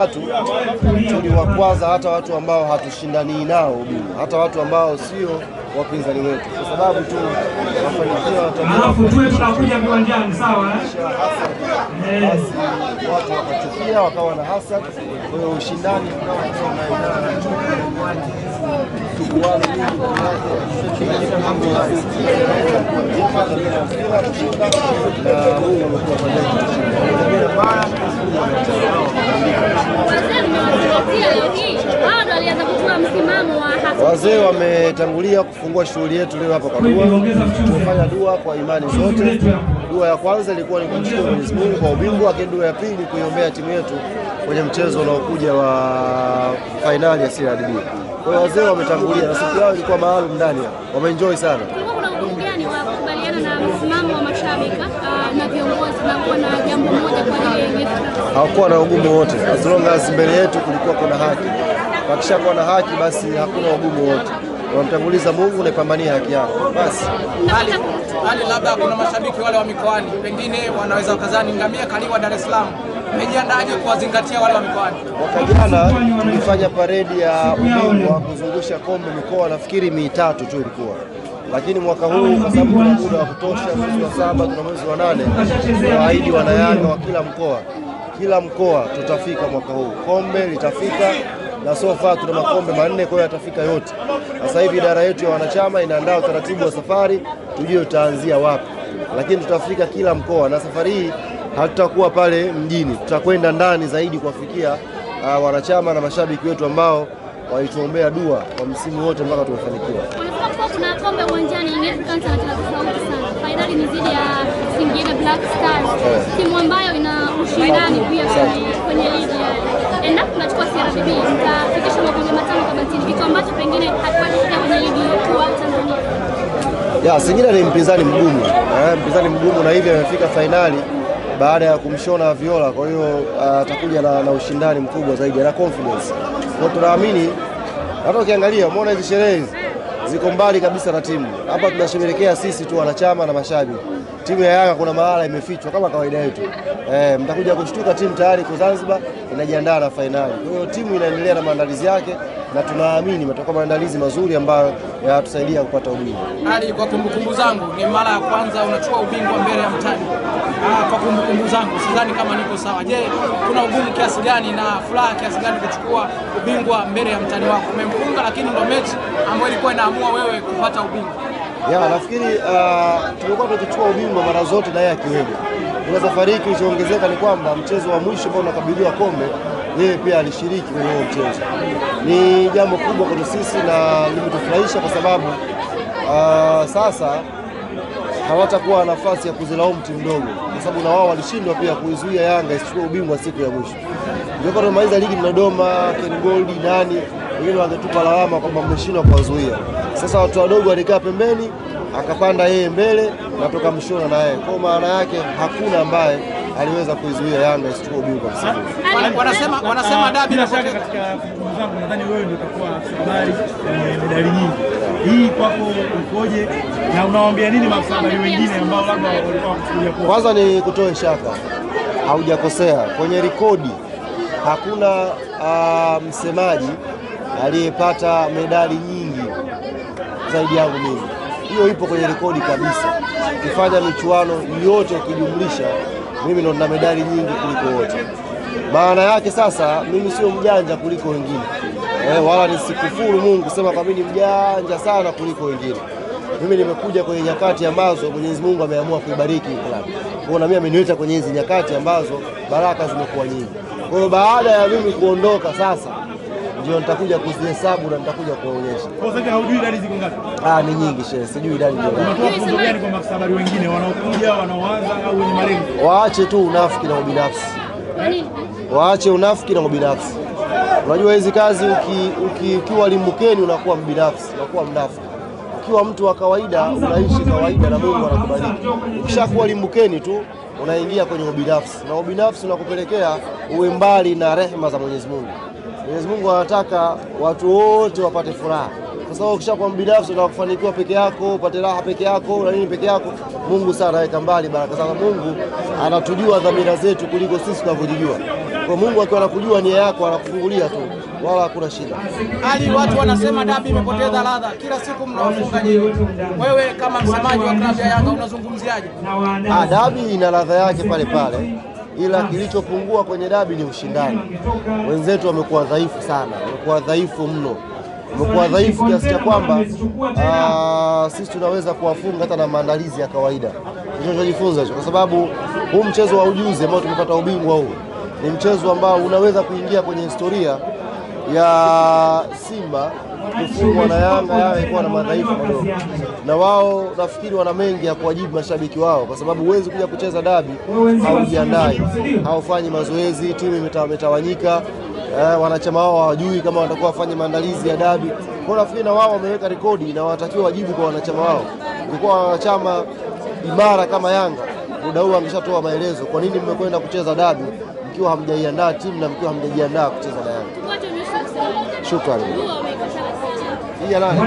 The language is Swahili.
Watu tuliwakwaza hata watu ambao hatushindani nao bima, hata watu ambao sio wapinzani wetu, kwa sababu tu mafanikio. Alafu tuwe tunakuja viwanjani, sawa eh, eh. watu wakachukia, wakawa na hasad. Kwa hiyo ushindani tukuane Wazee wametangulia kufungua shughuli yetu leo hapa kwa dua. Tumefanya dua kwa imani zote. Dua ya kwanza ilikuwa ni kumshukuru Mwenyezi Mungu kwa ubingwa, lakini dua ya pili ni kuiombea timu yetu kwenye mchezo unaokuja wa fainali ya CRDB. Kwa hiyo wazee wametangulia na siku yao ilikuwa maalum ndani, wameenjoy sana. hawakuwa na ugumu wote, as long as mbele yetu kulikuwa kuna haki. Wakishakuwa na haki, basi hakuna ugumu wote. Unamtanguliza Mungu, unaipambania haki yako basi. Hali, hali labda kuna mashabiki wale wa mikoani pengine wanaweza wakazani ngamia kaliwa Dar es Salaam mejiandaje kuwazingatia wale wa mikoani? Mwaka jana tulifanya paredi ya ubingwa kuzungusha kombe mikoa, nafikiri mitatu tu ilikuwa lakini mwaka huu kwa sababu tuna muda wa kutosha, mwezi wa saba tuna mwezi wa nane, tunawaahidi wanayanga wa kila mkoa, kila mkoa tutafika mwaka huu, kombe litafika na so far tuna makombe manne, kwa hiyo yatafika yote. Sasa hivi idara yetu ya wanachama inaandaa utaratibu wa safari, tujue tutaanzia wapi, lakini tutafika kila mkoa, na safari hii hatutakuwa pale mjini, tutakwenda ndani zaidi kuwafikia uh, wanachama na mashabiki wetu ambao walituombea dua kwa msimu wote mpaka tumefanikiwa. Kuna kombe uwanjani ingeweza kuanza na timu tofauti sana. Fainali ni zidi ya Singida Black Stars, timu ambayo ina ushindani pia kwenye ligi. Endapo tunachukua CRDB, tutafikisha makombe matano kwa bahati, kitu ambacho pengine hatukufikia kwenye ligi kuu Tanzania. Ya, Singida ni mpinzani mgumu eh, mpinzani mgumu na hivi amefika fainali baada ya kumshona Viola. Kwa hiyo ah, atakuja na, na ushindani mkubwa zaidi na confidence, kwa tunaamini hata ukiangalia umeona hizi sherehe ziko mbali kabisa na timu. Hapa tunasherehekea sisi tu wanachama na mashabiki timu ya Yanga kuna mahala imefichwa kama kawaida yetu. E, mtakuja kushtuka, timu tayari kwa Zanzibar inajiandaa na fainali. Kwa hiyo timu inaendelea na maandalizi yake na tunaamini matakuwa maandalizi mazuri ambayo yatusaidia kupata ubingwa. Ali, kwa kumbukumbu zangu ni mara ya kwanza unachukua ubingwa mbele ya mtani. Ah, kwa kumbukumbu zangu sidhani kama niko sawa. Je, kuna ugumu kiasi gani na furaha kiasi gani kuchukua ubingwa mbele ya mtani wako? Umemfunga, lakini ndo mechi ambayo ilikuwa inaamua wewe kupata ubingwa. Ya, nafikiri uh, tumekuwa tukichukua ubingwa mara zote na yeye akiwemo. Kuna safari hii kilichoongezeka ni kwamba mchezo wa mwisho ambao unakabiliwa kombe yeye pia alishiriki kwenye huo mchezo. Ni jambo kubwa kwetu sisi na limetufurahisha kwa sababu uh, sasa hawatakuwa nafasi ya kuzilaumu timu ndogo, kwa sababu na wao walishindwa pia kuizuia Yanga isichukue ubingwa siku ya mwisho. Ingekuwa tumemaliza ligi na Dodoma, Ken Gold, nani wengine wangetupa lawama kwamba mmeshindwa kuwazuia. Sasa watu wadogo walikaa pembeni, akapanda yeye mbele na tukamshona naye Kwa maana yake hakuna ambaye aliweza kuizuia Yanga isichukue ubingwa msimu. Wanasema wanasema dabi na katika kumbukumbu zangu, nadhani wewe ndio utakuwa habari ya medali nyingi. Hii kwako ukoje na unawaambia nini maafisa habari wengine ambao labda walikuwa wakusudia kwa? Kwanza ni kutoa shaka, haujakosea kwenye rekodi. Hakuna uh, msemaji aliyepata medali nyingi zaidi yangu mimi. Hiyo ipo kwenye rekodi kabisa. Ukifanya michuano yote ukijumlisha, mimi ndo nina medali nyingi kuliko wote. Maana yake sasa, mimi sio mjanja kuliko wengine eh, wala nisikufuru Mungu kusema kwamba ni mjanja sana kuliko wengine. Mimi nimekuja kwenye nyakati ambazo Mwenyezi Mungu ameamua kuibariki klabu. Kwa na mimi ameniweka kwenye hizi nyakati ambazo baraka zimekuwa nyingi. Kwa hiyo baada ya mimi kuondoka sasa ndio nitakuja kuzihesabu na nitakuja kuonyesha. Kwa sasa haujui idadi ziko ngapi? Ah, ni nyingi shehe, sijui idadi ndio. Unatoa funzo gani kwa maksabari wengine wanaokuja wanaoanza au wenye malengo? Waache tu unafiki na ubinafsi. Waache unafiki na ubinafsi. Unajua hizi kazi uki, uki, ukiwa limbukeni unakuwa mbinafsi, unakuwa mnafiki. Ukiwa mtu wa kawaida unaishi kawaida na Mungu anakubariki. Ukishakuwa limbukeni tu unaingia kwenye ubinafsi na ubinafsi unakupelekea uwe mbali na rehema za Mwenyezi Mungu. Mwenyezi Mungu anataka watu wote wapate furaha, kwa sababu ukishakuwa mbinafsi unataka kufanikiwa peke yako, upate raha peke yako na nini peke yako. Mungu sana anaweka mbali baraka zake. Mungu anatujua dhamira zetu kuliko sisi tunavyojijua. Kwa Mungu akiwa anakujua nia yako anakufungulia tu, wala hakuna shida. Ali, watu wanasema dabi imepoteza ladha, kila siku mnawafunga jewe. Wewe kama msemaji wa klabu ya Yanga unazungumziaje? Ah, dabi ina ladha yake pale pale ila kilichopungua kwenye dabi ni ushindani. Wenzetu wamekuwa dhaifu sana, wamekuwa dhaifu mno, wamekuwa dhaifu kiasi cha kwamba ah, sisi tunaweza kuwafunga hata na maandalizi ya kawaida. Tunachojifunza hicho, kwa sababu huu mchezo wa ujuzi ambao tumepata ubingwa huu ni mchezo ambao unaweza kuingia kwenye historia ya Simba kufungwa na Yanga. Yanga ilikuwa na madhaifu madogo, na wao nafikiri wana mengi ya kuwajibu mashabiki wao, kwa sababu huwezi kuja kucheza dabi haujiandai, haufanyi mazoezi, timu imetawanyika. Eh, wanachama wao hawajui kama watakuwa wafanye maandalizi ya dabi. Kwa nafikiri na wao wameweka rekodi na wanatakiwa wajibu kwa wanachama wao. Ilikuwa wanachama imara kama Yanga muda huu ameshatoa maelezo, kwa nini mmekwenda kucheza dabi mkiwa hamjaiandaa timu na mkiwa hamjajiandaa kucheza na Yanga. Shukrani. Yeah,